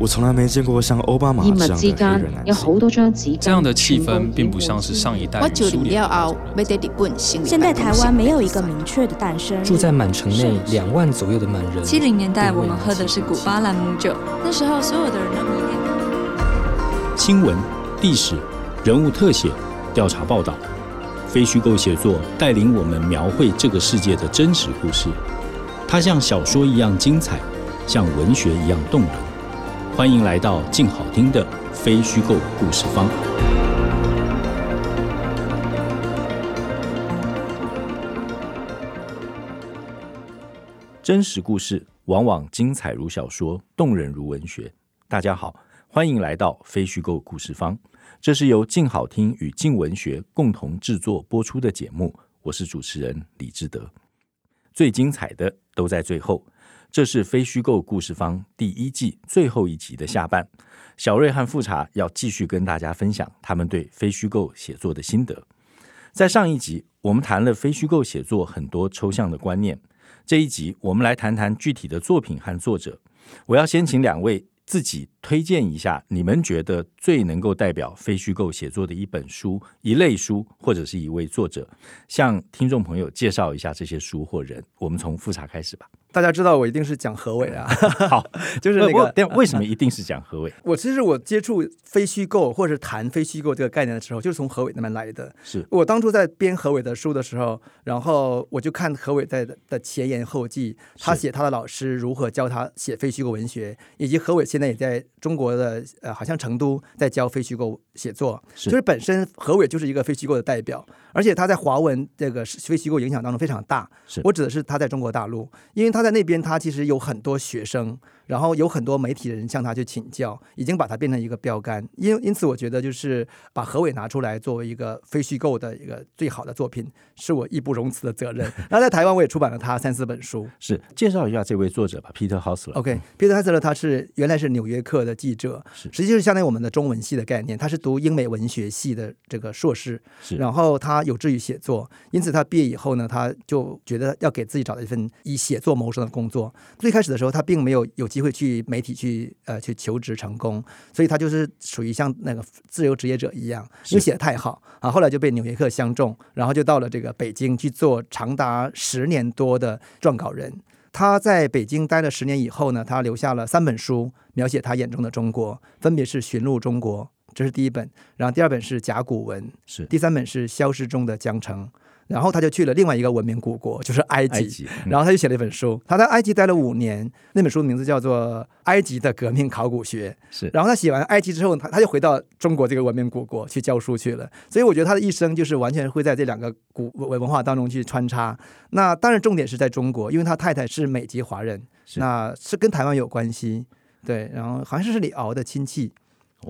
我從來沒見過像奧巴馬這樣的黑人男人。這樣的氣氛並不像是上一代的蘇聯的。現在台灣沒有一個明確的誕生。住在滿城內是是兩萬左右的滿人。七零年代我們喝的是古巴藍姆酒，那時候所有的人都迷戀。新聞、歷史、人物特寫、調查報道、非虛構寫作，帶領我們描繪這個世界的真實故事。它像小說一樣精彩，像文學一樣動人。歡迎來到鏡好聽的非虛構故事坊。真實故事往往精彩如小說，動人如文學。大家好，歡迎來到非虛構故事坊。這是由鏡好聽與鏡文學共同製作播出的節目，我是主持人李志德。最精彩的都在最後。這是非虛構故事坊第一季最後一集的下半。小瑞和富察要繼續跟大家分享他們對非虛構寫作的心得。在上一集，我們談了非虛構寫作很多抽象的觀念。這一集，我們來談談具體的作品和作者。我要先請兩位自己推薦一下你們覺得最能夠代表非虛構寫作的一本書、一類書或者是一位作者，向聽眾朋友介紹一下這些書或人。我們從富察開始吧。大家知道我一定是講何偉啊， 好， 就是那個，但為什麼一定是講何偉、嗯？我其實我接觸非虛構或者是談非虛構這個概念的時候，就是從何偉那邊來的。是我當初在編何偉的書的時候，然後我就看何偉在的前言後記，他寫他的老師如何教他寫非虛構文學，以及何偉現在也在中國的呃，好像成都在教非虛構寫作，是，就是本身何偉就是一個非虛構的代表。而且他在華文這個非虛構影響當中非常大，是我指的是他在中國大陸，因為他在那邊他其實有很多學生，然後有很多媒體的人向他去請教，已經把他變成一個標杆。因因此，我覺得就是把何偉拿出來作為一個非虛構的一個最好的作品，是我義不容辭的責任。 然後在台灣，我也出版了他三四本書。是介紹一下這位作者吧，Peter Hessler OK，Peter、okay, Hessler 他是原來是《紐約客》的記者，是實際就是相當於我們的中文系的概念，他是讀英美文學系的這個碩士，是然後他。有志於寫作，因此他畢業以後呢，他就覺得要給自己找一份以寫作謀生的工作。最開始的時候，他並沒有有機會去媒體去呃去求職成功，所以他就是屬於像那個自由職業者一樣，因為是寫得太好啊，後來就被《紐約客》相中，然後就到了這個北京去做長達十年多的撰稿人。他在北京待了十年以後呢，他留下了三本書，描寫他眼中的中國，分別是《尋路中國》。這是第一本，然後第二本是甲骨文，第三本是消失中的江城。然後他就去了另外一個文明古國，就是埃及，埃及，然後他就寫了一本書，他在埃及待了五年，那本書的名字叫做《埃及的革命考古學》，然後他寫完埃及之後，他他就回到中國這個文明古國去教書去了，所以我覺得他的一生就是完全會在這兩個古文化當中去穿插，那當然重點是在中國，因為他太太是美籍華人，那是跟台灣有關係，對，然後好像是李敖的親戚。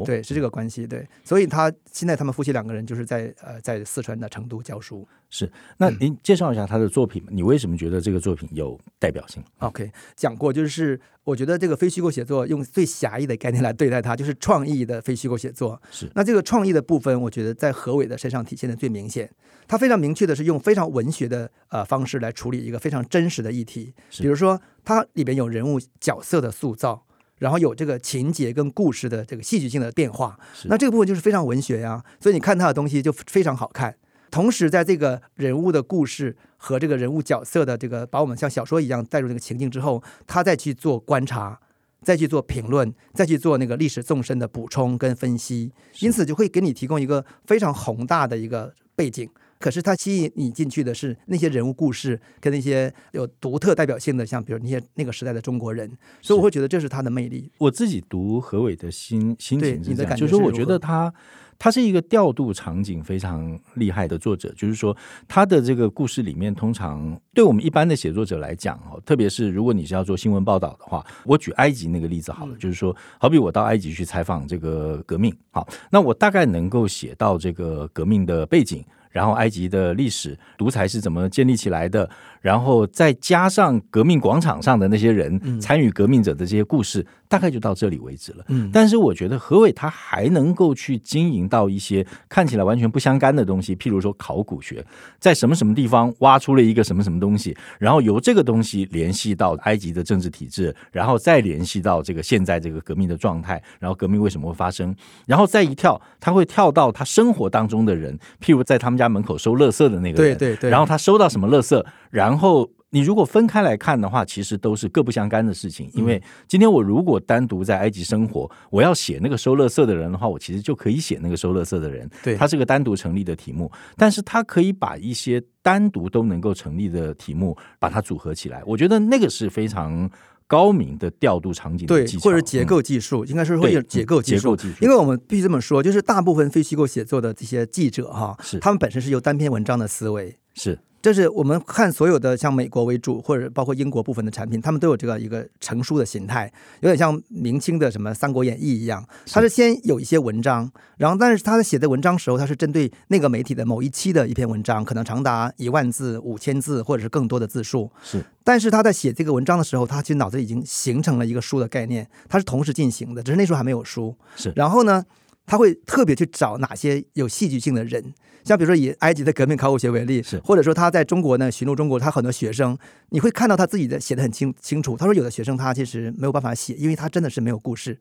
對，是這個關係。對，所以他現在他們夫妻兩個人就是在呃，在四川的成都教書。是，那您介紹一下他的作品，你為什麼覺得這個作品有代表性？OK，講過，就是我覺得這個非虛構寫作，用最狹義的概念來對待它，就是創意的非虛構寫作。是，那這個創意的部分，我覺得在何偉的身上體現的最明顯。他非常明確的是用非常文學的呃方式來處理一個非常真實的議題，是，比如說它裡邊有人物角色的塑造。然後有這個情節跟故事的這個戲劇性的變化，那這個部分就是非常文學呀、啊。所以你看他的東西就非常好看。同時，在這個人物的故事和這個人物角色的這個把我們像小說一樣帶入這個情境之後，他再去做觀察，再去做評論，再去做那個歷史縱深的補充跟分析，因此就會給你提供一個非常宏大的一個背景。可是他吸引你進去的是那些人物故事跟那些有獨特代表性的，像比如那些那個時代的中國人，是所以我會覺得這是他的魅力。我自己讀何偉的心心情你的感覺是就是我覺得他他是一個調度場景非常厲害的作者，就是說他的這個故事裡面，通常對我們一般的寫作者來講哦，特別是如果你是要做新聞報道的話，我舉埃及那個例子好了，嗯、就是說，好比我到埃及去採訪這個革命，好，那我大概能夠寫到這個革命的背景。然後，埃及的歷史獨裁是怎麼建立起來的？然後再加上革命廣場上的那些人，參與革命者的這些故事，大概就到這裡為止了。嗯。但是我覺得何偉他還能夠去經營到一些看起來完全不相干的東西，譬如說考古學，在什麼什麼地方挖出了一個什麼什麼東西，然後由這個東西聯繫到埃及的政治體制，然後再聯繫到這個現在這個革命的狀態，然後革命為什麼會發生，然後再一跳，他會跳到他生活當中的人，譬如在他們家門口收垃圾的那個人，對對對。然後他收到什麼垃圾。嗯然後你如果分開來看的話，其實都是各不相干的事情。因為今天我如果單獨在埃及生活，我要寫那個收垃圾的人的話，我其實就可以寫那個收垃圾的人。對，他是個單獨成立的題目，但是他可以把一些單獨都能夠成立的題目把它組合起來。我覺得那個是非常高明的調度場景的技巧，對，或者結構技術，應該是會結構技術。結構技術，因為我們必須這麼說，就是大部分非虛構寫作的這些記者哈，是、哦、他們本身是有單篇文章的思維是。就是我們看所有的像美國為主，或者包括英國部分的產品，他們都有這個一個成書的形態，有點像明清的什麼《三國演義》一樣。他是先有一些文章，然後但是他在寫的文章時候，他是針對那個媒體的某一期的一篇文章，可能長達一萬字、五千字或者是更多的字數。是，但是他在寫這個文章的時候，他其實腦子已經形成了一個書的概念，他是同時進行的，只是那時候還沒有書。是，然後呢？他會特別去找哪些有戲劇性的人，像比如說以埃及的革命考古學為例，或者說他在中國呢，尋路中國，他很多學生，你會看到他自己的寫的很清清楚。他說有的學生他其實沒有辦法寫，因為他真的是沒有故事。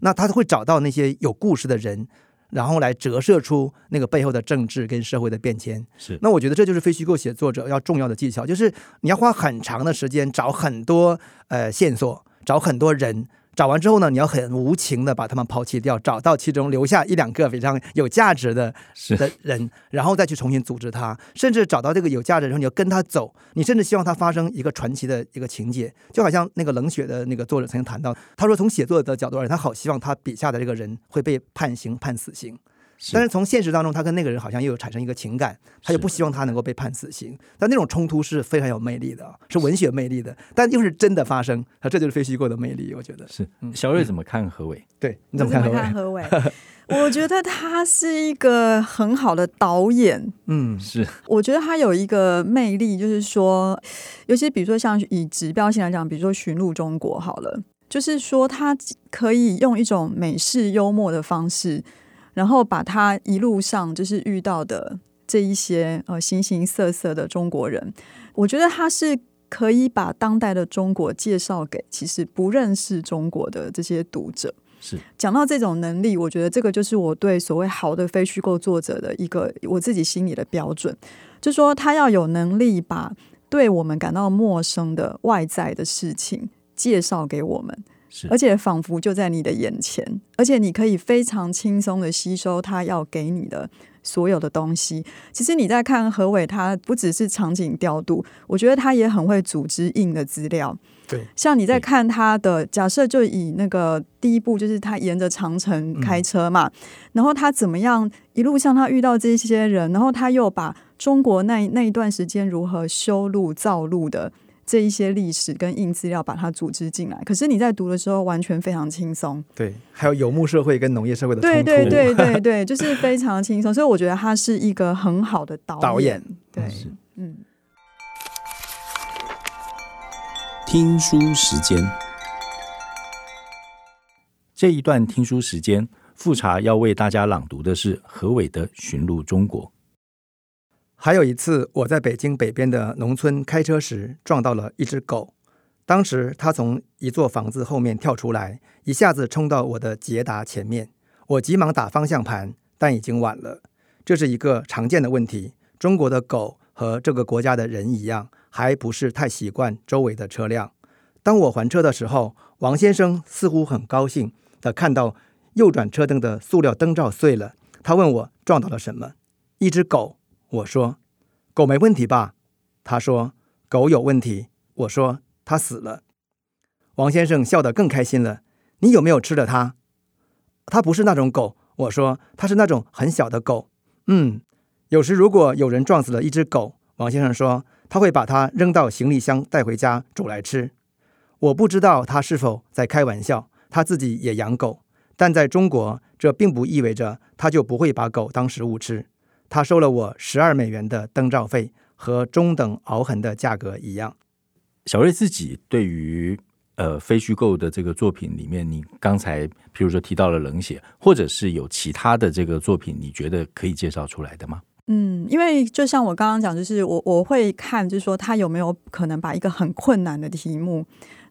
那他會找到那些有故事的人，然後來折射出那個背後的政治跟社會的變遷。是，那我覺得這就是非虛構寫作者要重要的技巧，就是你要花很長的時間找很多呃線索，找很多人。找完之後呢，你要很無情的把他們拋棄掉，找到其中留下一兩個非常有價值的是的人，然後再去重新組織他，甚至找到這個有價值的時候，你要跟他走，你甚至希望他發生一個傳奇的一個情節，就好像那個冷血的那個作者曾經談到，他說從寫作的角度而言，他好希望他筆下的這個人會被判刑、判死刑。是，但是從現實當中，他跟那個人好像又有產生一個情感，他又不希望他能夠被判死刑。是但那種衝突是非常有魅力的，哦，是文學魅力的。是但又是真的發生，他這就是非虛構的魅力。我覺得是小瑞，怎麼看何偉？嗯、對，你怎麼看何偉？我覺得他是一個很好的導演。嗯，是，我覺得他有一個魅力，就是說，尤其比如說像以指標性來講，比如說《尋路中國》好了，就是說他可以用一種美式幽默的方式。然後把他一路上就是遇到的這一些呃形形色色的中國人，我覺得他是可以把當代的中國介紹給其實不認識中國的這些讀者。是講到這種能力，我覺得這個就是我對所謂好的非虛構作者的一個我自己心裡的標準，就是說他要有能力把對我們感到陌生的外在的事情介紹給我們。而且仿佛就在你的眼前，而且你可以非常輕鬆的吸收他要給你的所有的東西。其實你在看何偉，他不只是場景調度，我覺得他也很會組織硬的資料。對，像你在看他的對假設，就以那個第一部，就是他沿着長城開車嘛，嗯、然後他怎麼樣一路上他遇到這些人，然後他又把中國那那一段時間如何修路造路的。這一些歷史跟硬資料把它組織進來，可是你在讀的時候完全非常輕鬆。對，還有游牧社會跟農業社會的衝突。對對對對對，就是非常輕鬆。 所以我覺得他是一個很好的導演。導演對，嗯。是。嗯。聽書時間，這一段聽書時間，富察要為大家朗讀的是何偉的《尋路中國》。還有一次，我在北京北邊的農村開車時撞到了一隻狗。當時他從一座房子後面跳出來，一下子衝到我的捷達前面。我急忙打方向盤，但已經晚了。這是一個常見的問題：中國的狗和這個國家的人一樣，還不是太習慣周圍的車輛。當我還車的時候，王先生似乎很高興地看到右轉車燈的塑料燈罩碎了。他問我撞到了什麼？一隻狗。我說：“狗沒問題吧？”他說：“狗有問題。”我說：“它死了。”王先生笑得更開心了。“你有沒有吃了它？”“它不是那種狗。”我說：“它是那種很小的狗。”“嗯，有時如果有人撞死了一隻狗，王先生說他會把它扔到行李箱帶回家煮來吃。”我不知道他是否在開玩笑。他自己也養狗，但在中國，這並不意味着他就不會把狗當食物吃。他收了我十二美元的燈照費，和中等凹痕的價格一樣。小瑞自己對於呃非虛構的這個作品裡面，你剛才譬如說提到了冷血，或者是有其他的這個作品，你覺得可以介紹出來的嗎？嗯，因為就像我剛剛講，就是我我會看，就是說他有沒有可能把一個很困難的題目。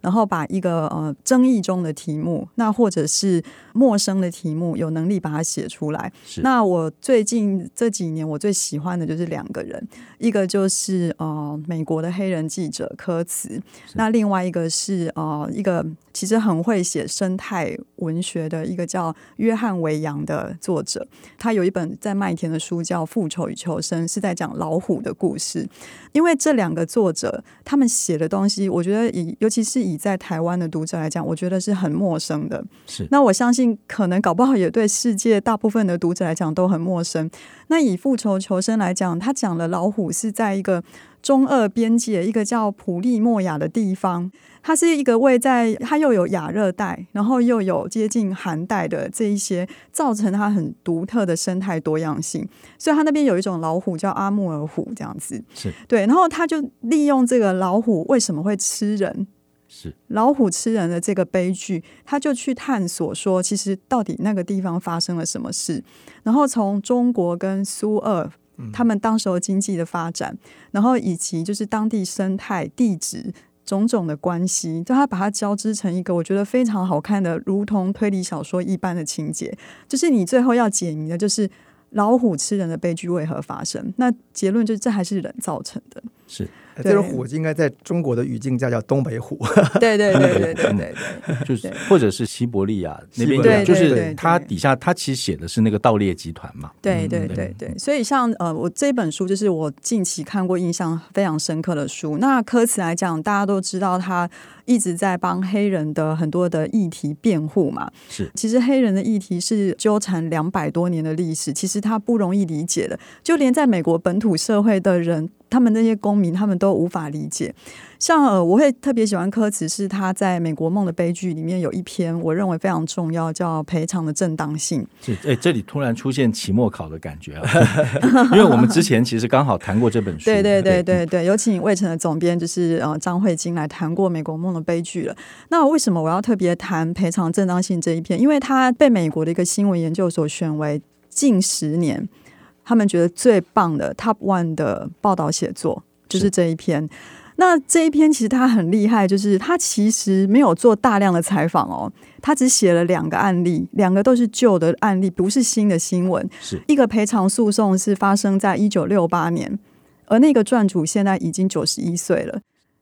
然後把一個呃爭議中的題目，那或者是陌生的題目，有能力把它寫出來。是那我最近這幾年我最喜歡的就是兩個人，一個就是呃美國的黑人記者科茨，是那另外一個是呃一個其實很會寫生態文學的一個叫約翰維揚的作者，他有一本在麥田的書叫《復仇與求生》，是在講老虎的故事。因為這兩個作者他們寫的東西，我覺得以尤其是以。以在台灣的讀者來講，我覺得是很陌生的。是，那我相信可能搞不好也對世界大部分的讀者來講都很陌生。那以《復仇求生》來講，他講的老虎是在一個中俄邊界一個叫普利莫亞的地方，它是一個位在它又有亞熱帶，然後又有接近寒帶的這一些，造成它很獨特的生態多樣性。所以它那邊有一種老虎叫阿穆爾虎，這樣子是對。然後他就利用這個老虎為什麼會吃人。是老虎吃人的這個悲劇，他就去探索說，其實到底那個地方發生了什麼事。然後從中國跟蘇俄，他們當時候經濟的發展，嗯、然後以及就是當地生態、地質種種的關係，就他把它交織成一個我覺得非常好看的，如同推理小說一般的情節。就是你最後要解謎的，就是老虎吃人的悲劇為何發生？那結論就是這還是人造成的。是。這種虎應該在中國的語境下叫東北虎，對對對對對，就是或者是西伯利亞那邊的，就是它底下它其實寫的是那個盜獵集團嘛，對對對對。所以像呃，我這本書就是我近期看過印象非常深刻的書。那科茨來講，大家都知道他一直在幫黑人的很多的議題辯護嘛，是。其實黑人的議題是糾纏兩百多年的歷史，其實他不容易理解的，就連在美國本土社會的人。他們那些公民，他們都無法理解。像呃，我會特別喜歡科茨，是他在《美國夢的悲劇》裡面有一篇，我認為非常重要，叫“賠償的正當性”。是誒、欸，這裡突然出現期末考的感覺啊！ 因為我們之前其實剛好談過這本書， 對對對對對，對，對，有請衛城的總編，就是呃張惠菁來談過《美國夢的悲劇》了。那為什麼我要特別談賠償正當性這一篇？因為他被美國的一個新聞研究所選為近十年。他們覺得最棒的 Top One 的報道寫作就是這一篇。是那這一篇其實他很厲害，就是他其實沒有做大量的採訪哦，他只寫了兩個案例，兩個都是舊的案例，不是新的新聞。是一個賠償訴訟是發生在一九六八年，而那個傳主現在已經九十一歲了。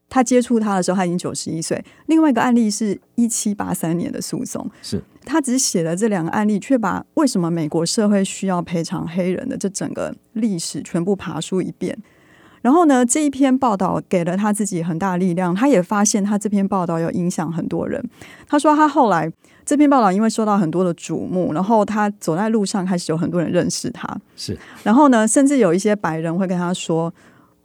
他接觸他的時候他已經九十一歲。另外一個案例是一七八三年的訴訟是。他只寫了這兩個案例，卻把為什麼美國社會需要賠償黑人的這整個歷史全部爬梳一遍。然後呢，這一篇報道給了他自己很大力量，他也發現他這篇報道有影響很多人。他說他後來這篇報道因為受到很多的矚目，然後他走在路上開始有很多人認識他。是，然後呢，甚至有一些白人會跟他說：“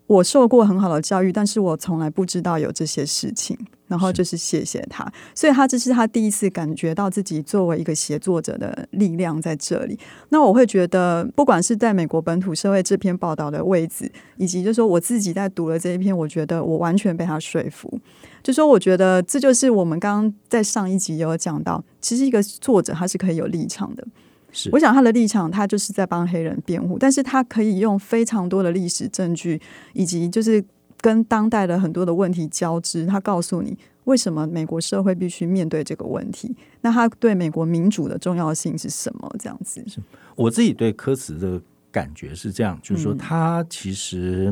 我受過很好的教育，但是我從來不知道有這些事情。”然後就是謝謝他，是所以他這是他第一次感覺到自己作為一個寫作者的力量在這裡。那我會覺得，不管是在美國本土社會這篇報道的位置，以及就是說我自己在讀了這一篇，我覺得我完全被他說服。就說我覺得這就是我們剛剛在上一集也有講到，其實一個作者他是可以有立場的。是我想他的立場，他就是在幫黑人辯護，但是他可以用非常多的歷史證據，以及就是。跟當代的很多的問題交織，他告訴你為什麼美國社會必須面對這個問題。那他對美國民主的重要性是什麼？這樣子，我自己對科茨的感覺是這樣，就是說他其實，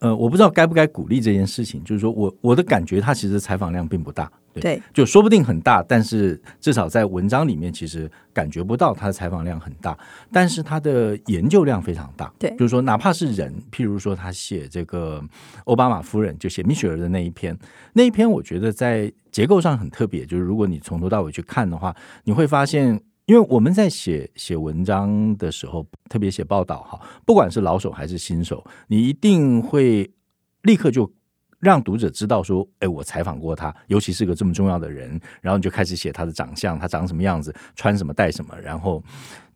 嗯、呃，我不知道該不該鼓勵這件事情，就是說我我的感覺，他其實採訪量並不大。對，就說不定很大，但是至少在文章裡面，其實感覺不到他的採訪量很大，但是他的研究量非常大。對，就是說，哪怕是人，譬如說他寫這個歐巴馬夫人，就寫米雪兒的那一篇，那一篇我覺得在結構上很特別。就是如果你從頭到尾去看的話，你會發現，因為我們在寫寫文章的時候，特別寫報道哈，不管是老手還是新手，你一定會立刻就。讓讀者知道說，哎，我採訪過他，尤其是個這麼重要的人。然後你就開始寫他的長相，他長什麼樣子，穿什麼，戴什麼。然後，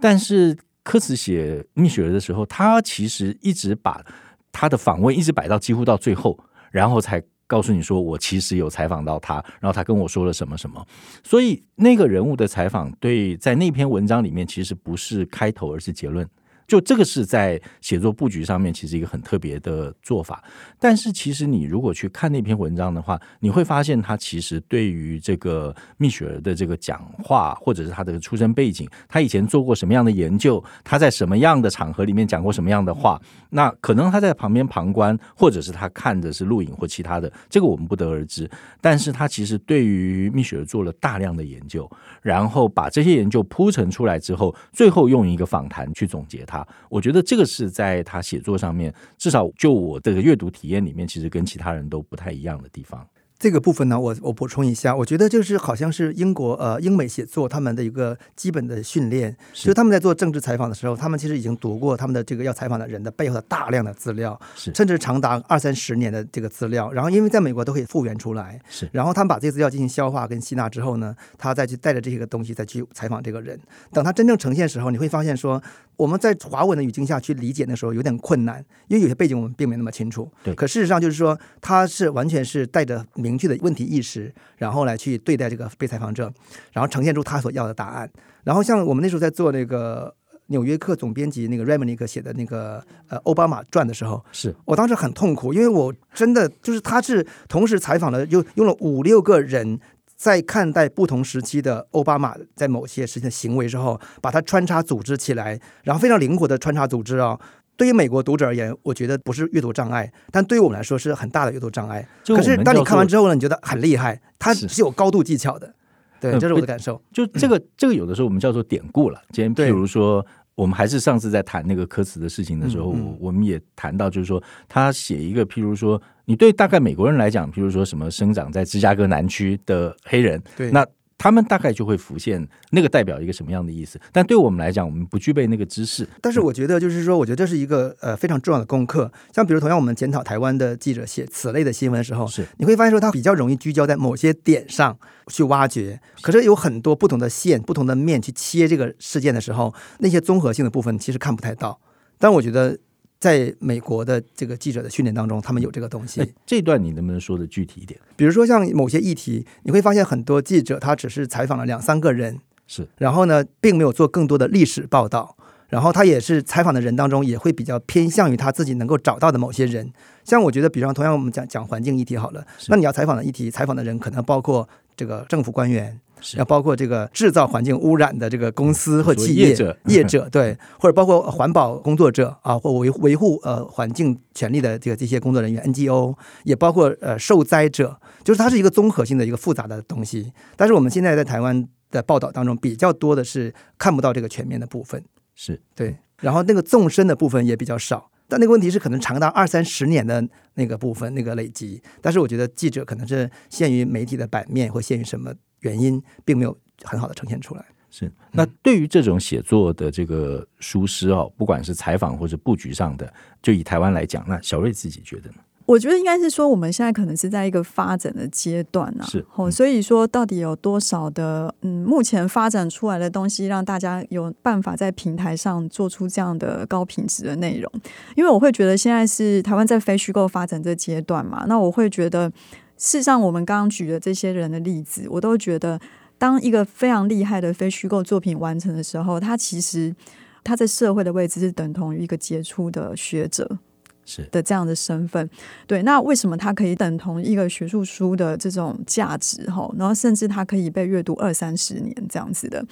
但是科茨寫蜜雪兒的時候，他其實一直把他的訪問一直擺到幾乎到最後，然後才告訴你說，我其實有採訪到他，然後他跟我說了什麼什麼。所以那個人物的採訪，對，在那篇文章裡面，其實不是開頭，而是結論。就這個是在寫作布局上面，其實一個很特別的做法。但是，其實你如果去看那篇文章的話，你會發現他其實對於這個蜜雪兒的這個講話，或者是他的出身背景，他以前做過什麼樣的研究，他在什麼樣的場合裡面講過什麼樣的話，那可能他在旁邊旁觀，或者是他看的是錄影或其他的，這個我們不得而知。但是他其實對於蜜雪兒做了大量的研究，然後把這些研究鋪陳出來之後，最後用一個訪談去總結他。我覺得這個是在他寫作上面，至少就我這個閱讀體驗裡面，其實跟其他人都不太一樣的地方。這個部分呢，我我補充一下，我覺得就是好像是英國呃英美寫作他們的一個基本的訓練，所以是他們在做政治採訪的時候，他們其實已經讀過他們的這個要採訪的人的背後的大量的資料，是甚至長達二三十年的這個資料。然後因為在美國都可以復原出來，是然後他們把這些資料進行消化跟吸納之後呢，他再去帶着這些個東西再去採訪這個人。等他真正呈現的時候，你會發現說我們在華文的語境下去理解的時候有點困難，因為有些背景我們並沒那麼清楚。對，可事實上就是說他是完全是帶着。明確的問題意識，然後來去對待這個被採訪者，然後呈現出他所要的答案。然後像我們那時候在做那個《紐約客》總編輯那個 Remnick 寫的那個呃奧巴馬傳的時候，是我當時很痛苦，因為我真的就是他是同時採訪了就用了五六個人在看待不同時期的奧巴馬，在某些事情的行為之後，把它穿插組織起來，然後非常靈活的穿插組織啊、哦。對於美國讀者而言，我覺得不是閱讀障礙，但對於我們來說是很大的閱讀障礙。我可是當你看完之後呢，做你覺得很厲害，它是有高度技巧的，是對，呃、這是我的感受。就這個，嗯、這個有的時候我們叫做典故了。今天譬如說，我們還是上次在談那個科茨的事情的時候對我，我們也談到就是說，他寫一個，嗯嗯譬如說，你對大概美國人來講，譬如說什麼生長在芝加哥南區的黑人，對，那。他們大概就會浮現那個代表一個什麼樣的意思，但對我們來講，我們不具備那個知識。但是我覺得，就是說，我覺得這是一個呃非常重要的功課。像比如，同樣我們檢討台灣的記者寫此類的新聞的時候，是你會發現說他比較容易聚焦在某些點上去挖掘，可是有很多不同的線、不同的面去切這個事件的時候，那些綜合性的部分其實看不太到。但我覺得。在美國的這個記者的訓練當中，他們有這個東西。這段你能不能說得具體一點？比如說像某些議題，你會發現很多記者他只是採訪了兩三個人，是，然後呢，並沒有做更多的歷史報道。然後他也是採訪的人當中，也會比較偏向於他自己能夠找到的某些人。像我覺得，比方同樣我們講講環境議題好了，那你要採訪的議題、採訪的人可能包括這個政府官員。要包括這個製造環境污染的這個公司或企業業者、業者，對，或者包括環保工作者啊，或維維護呃環境權利的這個這些工作人員 NGO，也包括呃受災者，就是它是一個綜合性的一個複雜的東西。但是我們現在在台灣的報道當中比較多的是看不到這個全面的部分，是，對。然後那個縱深的部分也比較少，但那個問題是可能長達二三十年的那個部分，那個累積。但是我覺得記者可能是限於媒體的版面或限於什麼。原因並沒有很好的呈現出來。是那對於這種寫作的這個書詩哦，不管是採訪或者布局上的，就以台灣來講，那小瑞自己覺得呢？我覺得應該是說，我們現在可能是在一個發展的階段呢、啊。是、嗯、哦，所以說到底有多少的嗯，目前發展出來的東西，讓大家有辦法在平台上做出這樣的高品質的內容？因為我會覺得現在是台灣在非虛構發展這階段嘛，那我會覺得。事實上，我們剛剛舉的這些人的例子，我都覺得，當一個非常厲害的非虛構作品完成的時候，他其實他在社會的位置是等同於一個傑出的學者，是的這樣的身份。是對，那為什麼它可以等同一個學術書的這種價值哈？然後甚至它可以被閱讀二三十年這樣子的，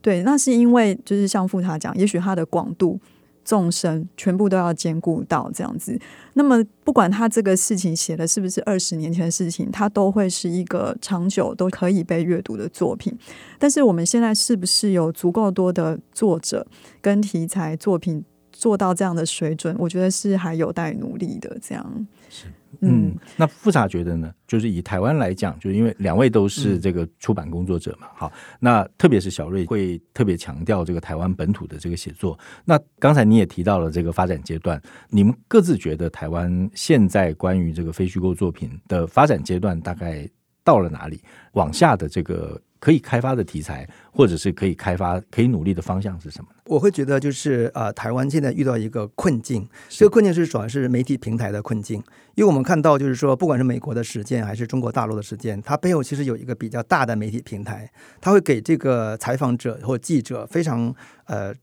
對，那是因為就是像富察講，也許他的廣度。眾生全部都要兼顧到這樣子，那麼不管他這個事情寫的是不是二十年前的事情，他都會是一個長久都可以被閱讀的作品。但是我們現在是不是有足夠多的作者跟題材作品做到這樣的水準？我覺得是還有待努力的。這樣。是。嗯，那富察覺得呢？就是以台灣來講，就是因為兩位都是這個出版工作者嘛，嗯、好，那特別是小瑞會特別強調這個台灣本土的這個寫作。那剛才你也提到了這個發展階段，你們各自覺得台灣現在關於這個非虛構作品的發展階段大概、嗯？到了哪裡？往下的這個可以開發的題材，或者是可以開發、可以努力的方向是什麼？我會覺得就是呃，台灣現在遇到一個困境，這個困境是主要是媒體平台的困境，是因為我們看到就是說，不管是美國的實踐還是中國大陸的實踐，它背後其實有一個比較大的媒體平台，它會給這個採訪者或記者非常呃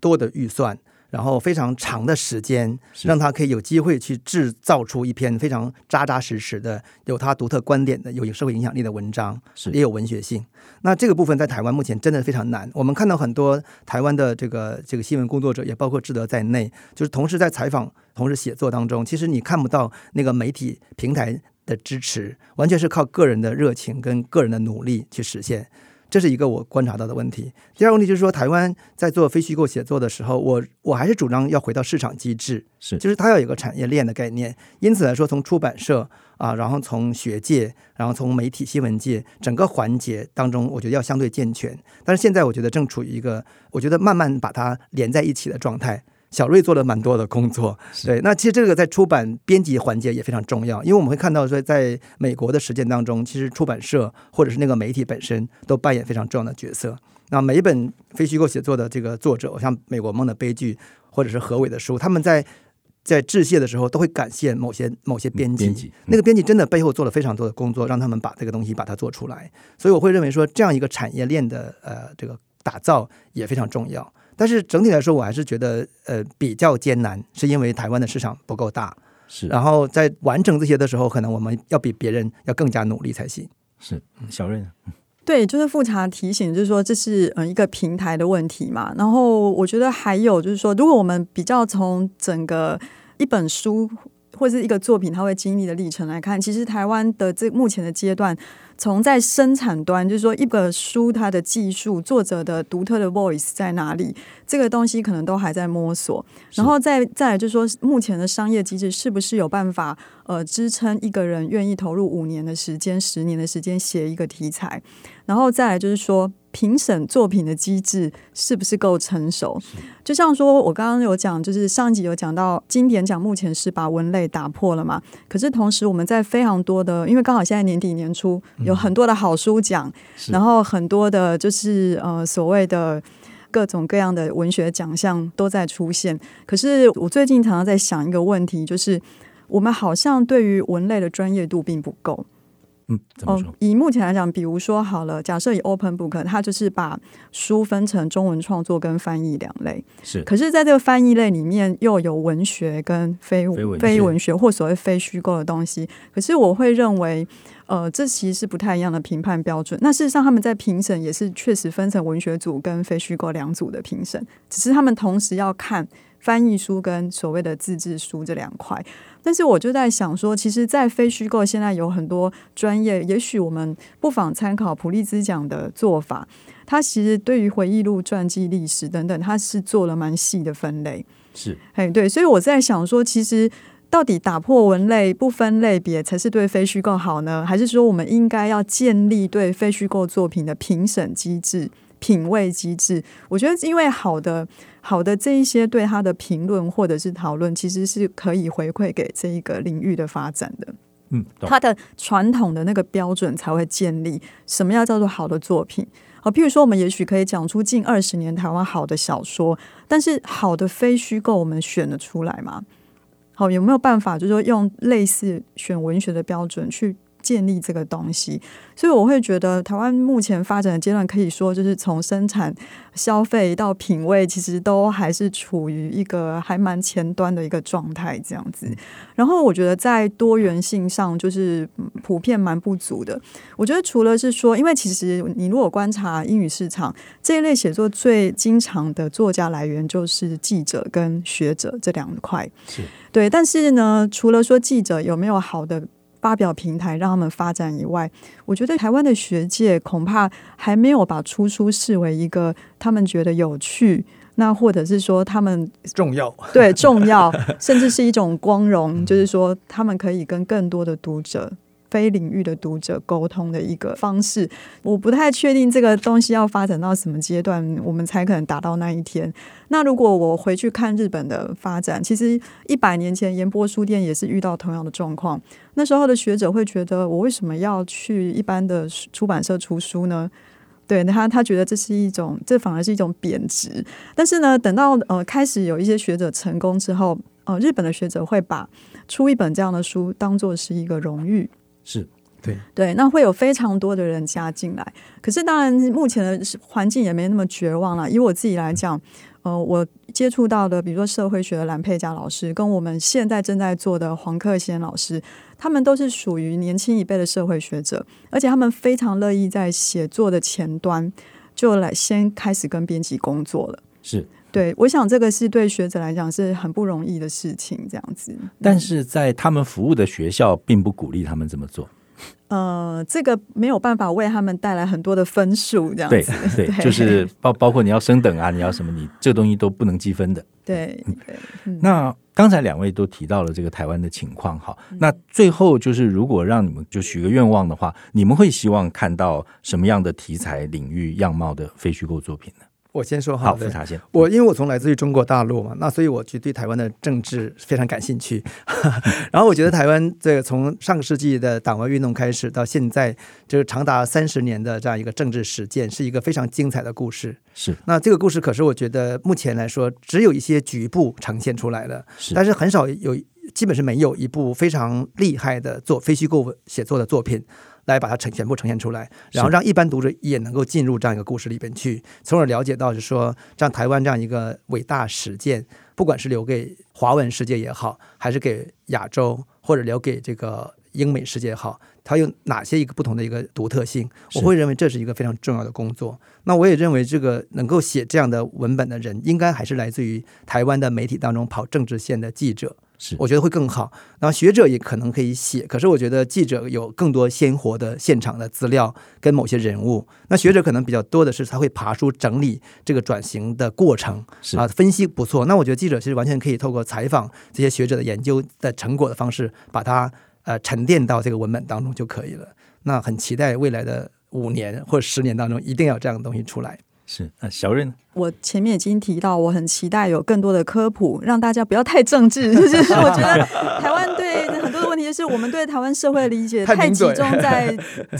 多的預算。然後非常長的時間，讓他可以有機會去製造出一篇非常扎扎實實的、有他獨特觀點的、有社會影響力的文章，也有文學性。那這個部分在台灣目前真的非常難。我們看到很多台灣的這個這個新聞工作者，也包括志德在內，就是同時在採訪、同時寫作當中，其實你看不到那個媒體平台的支持，完全是靠個人的熱情跟個人的努力去實現。這是一個我觀察到的問題。第二個問題就是說，台灣在做非虛構寫作的時候，我我還是主張要回到市場機制，是，就是它要有個產業鏈的概念。因此來說，從出版社啊、呃，然後從學界，然後從媒體新聞界整個環節當中，我覺得要相對健全。但是現在我覺得正處於一個，我覺得慢慢把它連在一起的狀態。小瑞做了蠻多的工作，對。是那其實這個在出版編輯環節也非常重要，因為我們會看到說，在美國的實踐當中，其實出版社或者是那個媒體本身都扮演非常重要的角色。那每一本非虛構寫作的這個作者，像《美國夢的悲劇》或者是何偉的書，他們在在致謝的時候都會感謝某些某些編輯，嗯編輯嗯、那個編輯真的背後做了非常多的工作，讓他們把這個東西把它做出來。所以我會認為說，這樣一個產業鏈的呃這個打造也非常重要。但是整體來說，我還是覺得呃比較艱難，是因為台灣的市場不夠大。是啊，然後在完成這些的時候，可能我們要比別人要更加努力才行。是，小芮啊。對，就是複查提醒，就是說，這是嗯、呃、一個平台的問題嘛。然後我覺得還有就是說，如果我們比較從整個一本書或者一個作品它會經歷的歷程來看，其實台灣的這目前的階段。從在生產端，就是說一本書它的技術作者的獨特的 voice 在哪裡，這個東西可能都還在摸索。是然後再，再再來就是說，目前的商業機制是不是有辦法呃支撐一個人願意投入五年的時間、十年的時間寫一個題材？然後再來就是說，評審作品的機制是不是夠成熟？是就像說我剛剛有講，就是上一集有講到，金典獎目前是把文類打破了嘛？可是同時我們在非常多的，因為剛好現在年底年初。嗯有很多的好書獎，是然後很多的，就是呃所謂的各種各樣的文學獎項都在出現。可是我最近常常在想一個問題，就是我們好像對於文類的專業度並不夠。嗯，哦，以目前來講，比如說好了，假設以 Open Book，它就是把書分成中文創作跟翻譯兩類。是，可是，在這個翻譯類裡面，又有文學跟非非文學，非文學，或所謂非虛構的東西。可是，我會認為，呃，這其實是不太一樣的評判標準。那事實上，他們在評審也是確實分成文學組跟非虛構兩組的評審，只是他們同時要看。翻譯書跟所謂的自制書這兩塊，但是我就在想說，其實，在非虛構現在有很多專業，也許我們不妨參考普利茲獎的做法，它其實對於回憶錄、傳記、歷史等等，它是做了蠻細的分類。是，誒，對，所以我在想說，其實到底打破文類不分類別才是對非虛構好呢，還是說我們應該要建立對非虛構作品的評審機制？品味機制，我覺得因為好的、好的這一些對他的評論或者是討論，其實是可以回饋給這一個領域的發展的。嗯，他的傳統的那個標準才會建立，什麼樣叫做好的作品？好，譬如說我們也許可以講出近二十年台灣好的小說，但是好的非虛構，我們選得出來嗎？好，有沒有辦法就是說用類似選文學的標準去？建立這個東西，所以我會覺得台灣目前發展的階段，可以說就是從生產、消費到品味，其實都還是處於一個還蠻前端的一個狀態這樣子。然後我覺得在多元性上，就是、嗯、普遍蠻不足的。我覺得除了是說，因為其實你如果觀察英語市場這一類寫作，最經常的作家來源就是記者跟學者這兩塊，是對。但是呢，除了說記者有沒有好的。發表平台讓他們發展以外，我覺得台灣的學界恐怕還沒有把出書視為一個他們覺得有趣，那或者是說他們重要，對，重要， 甚至是一種光榮，就是說他們可以跟更多的讀者。非領域的讀者溝通的一個方式，我不太確定這個東西要發展到什麼階段，我們才可能達到那一天。那如果我回去看日本的發展，其實一百年前岩波書店也是遇到同樣的狀況。那時候的學者會覺得，我為什麼要去一般的出版社出書呢？對他，他覺得這是一種，這反而是一種貶值。但是呢，等到呃開始有一些學者成功之後，呃，日本的學者會把出一本這樣的書當作是一個榮譽。是，對對，那會有非常多的人加進來。可是當然，目前的環境也沒那麼絕望了。以我自己來講，呃，我接觸到的，比如說社會學的藍佩嘉老師，跟我們現在正在做的黃克先老師，他們都是屬於年輕一輩的社會學者，而且他們非常樂意在寫作的前端就來先開始跟編輯工作了。是。對，我想這個是對學者來講是很不容易的事情，這樣子。嗯、但是在他們服務的學校，並不鼓勵他們這麼做。呃，這個沒有辦法為他們帶來很多的分數，這樣子。對，對對就是包包括你要升等啊， 你要什麼，你這東西都不能積分的。對。對嗯、那剛才兩位都提到了這個台灣的情況好，哈、嗯。那最後就是，如果讓你們就許個願望的話，你們會希望看到什麼樣的題材、領域、樣貌的非虛構作品呢？我先說哈，好，富察先。我因為我從來自於中國大陸嘛，那所以我就對台灣的政治非常感興趣。 然後我覺得台灣這個從上個世紀的黨外運動開始到現在，就是長達三十年的這樣一個政治實踐，是一個非常精彩的故事。是。那這個故事，可是我覺得目前來說，只有一些局部呈現出來了，是，但是很少有，基本是沒有一部非常厲害的做非虛構寫作的作品。來把它呈全部呈現出來，然後讓一般讀者也能夠進入這樣一個故事裡邊去，從而了解到，就是說，像台灣這樣一個偉大實踐，不管是留給華文世界也好，還是給亞洲或者留給這個英美世界也好，它有哪些一個不同的一個獨特性？是我會認為這是一個非常重要的工作。那我也認為，這個能夠寫這樣的文本的人，應該還是來自於台灣的媒體當中跑政治線的記者。是，我覺得會更好。然後學者也可能可以寫，可是我覺得記者有更多鮮活的現場的資料跟某些人物。那學者可能比較多的是他會爬梳整理這個轉型的過程，是啊，分析不錯。那我覺得記者其實完全可以透過採訪這些學者的研究的成果的方式，把它呃沉澱到這個文本當中就可以了。那很期待未來的五年或者十年當中，一定要這樣的東西出來。是，那、啊、小瑞呢？我前面已經提到，我很期待有更多的科普，讓大家不要太政治。就是我覺得台灣對很多的問題，就是我們對台灣社會的理解太集中在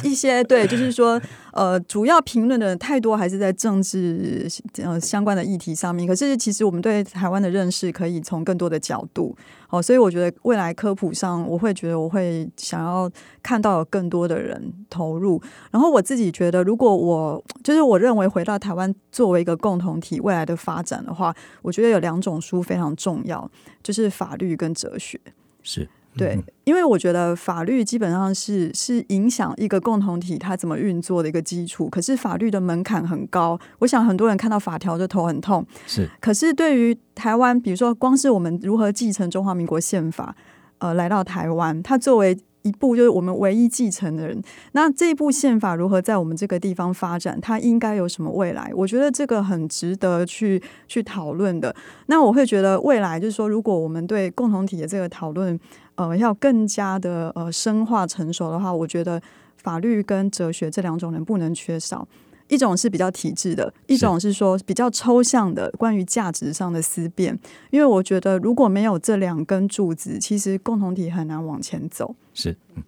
一些對，就是說呃，主要評論的太多，還是在政治，呃，相關的議題上面。可是其實我們對台灣的認識可以從更多的角度。哦，呃，所以我覺得未來科普上，我會覺得我會想要看到有更多的人投入。然後我自己覺得，如果我就是我認為回到台灣作為一個共同。總體未來的發展的話，我覺得有兩種書非常重要，就是法律跟哲學。是、嗯、對，因為我覺得法律基本上是是影響一個共同體它怎麼運作的一個基礎。可是法律的門檻很高，我想很多人看到法條就頭很痛。是，可是對於台灣，比如說光是我們如何繼承中華民國憲法，呃，來到台灣，它作為。一部就是我們唯一繼承的人，那這一部憲法如何在我們這個地方發展？它應該有什麼未來？我覺得這個很值得去去討論的。那我會覺得未來就是說，如果我們對共同體的這個討論，呃，要更加的呃深化成熟的話，我覺得法律跟哲學這兩種人不能缺少。一種是比較體制的，一種是說比較抽象的，關於價值上的思辨。因為我覺得如果沒有這兩根柱子，其實共同體很難往前走。是、嗯，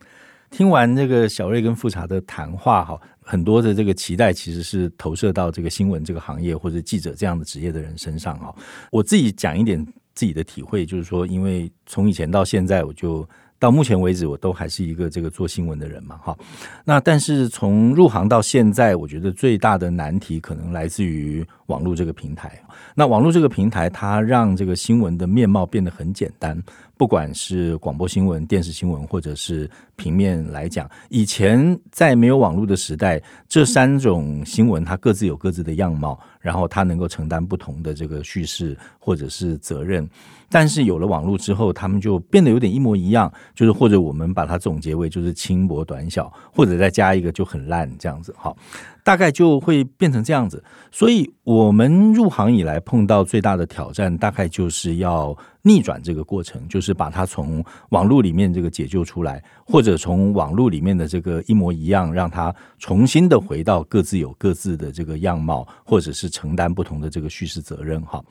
聽完這個小瑞跟富察的談話哈，很多的這個期待其實是投射到這個新聞這個行業或者記者這樣的職業的人身上哈，我自己講一點自己的體會，就是說，因為從以前到現在，我就。到目前為止，我都還是一個這個做新聞的人嘛，哈。那但是從入行到現在，我覺得最大的難題可能來自於。網絡這個平台，那網絡這個平台，它讓這個新聞的面貌變得很簡單。不管是廣播新聞、電視新聞，或者是平面來講，以前在沒有網絡的時代，這三種新聞它各自有各自的樣貌，然後它能夠承擔不同的這個敘事或者是責任。但是有了網絡之後，他們就變得有點一模一樣，就是或者我們把它總結為就是輕薄短小，或者再加一個就很爛這樣子。好。大概就會變成這樣子，所以我們入行以來碰到最大的挑戰，大概就是要逆轉這個過程，就是把它從網絡裡面這個解救出來，或者從網絡裡面的這個一模一樣，讓它重新的回到各自有各自的這個樣貌，或者是承擔不同的這個敘事責任，哈。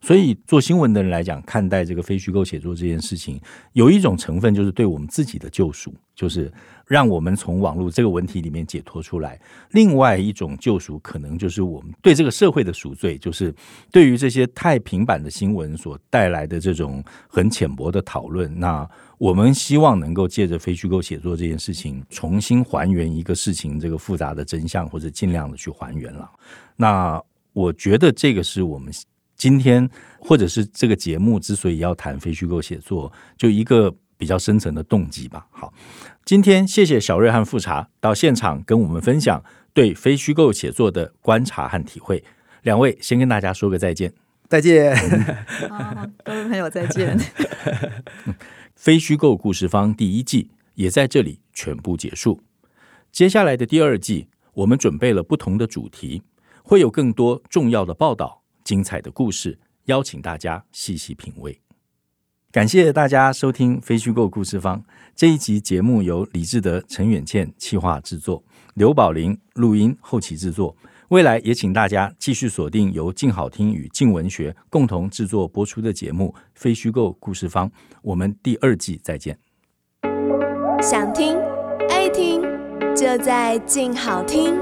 所以做新聞的人來講，看待這個非虛構寫作這件事情，有一種成分就是對我們自己的救贖，就是讓我們從網絡這個問題裡面解脫出來。另外一種救贖，可能就是我們對這個社會的贖罪，就是對於這些太平板的新聞所帶來的這種很淺薄的討論，那我們希望能夠借着非虛構寫作這件事情，重新還原一個事情這個複雜的真相，或者儘量的去還原了。那我覺得這個是我們。今天或者是這個節目之所以要談非虛構寫作，就一個比較深層的動機吧。好，今天謝謝小瑞和富察到現場跟我們分享對非虛構寫作的觀察和體會。兩位先跟大家說個再見，再見。各位、 啊、朋友再見。 非虛構故事坊第一季也在這裡全部結束。接下來的第二季，我們準備了不同的主題，會有更多重要的報道。精彩的故事，邀請大家細細品味。感謝大家收聽《非虛構故事坊》這一集節目，由李志德、陳遠倩企劃製作，劉寶林錄音後期製作。未來也請大家繼續鎖定由靜好聽與靜文學共同製作播出的節目《非虛構故事坊》，我們第二季再見。想聽愛聽，就在靜好聽。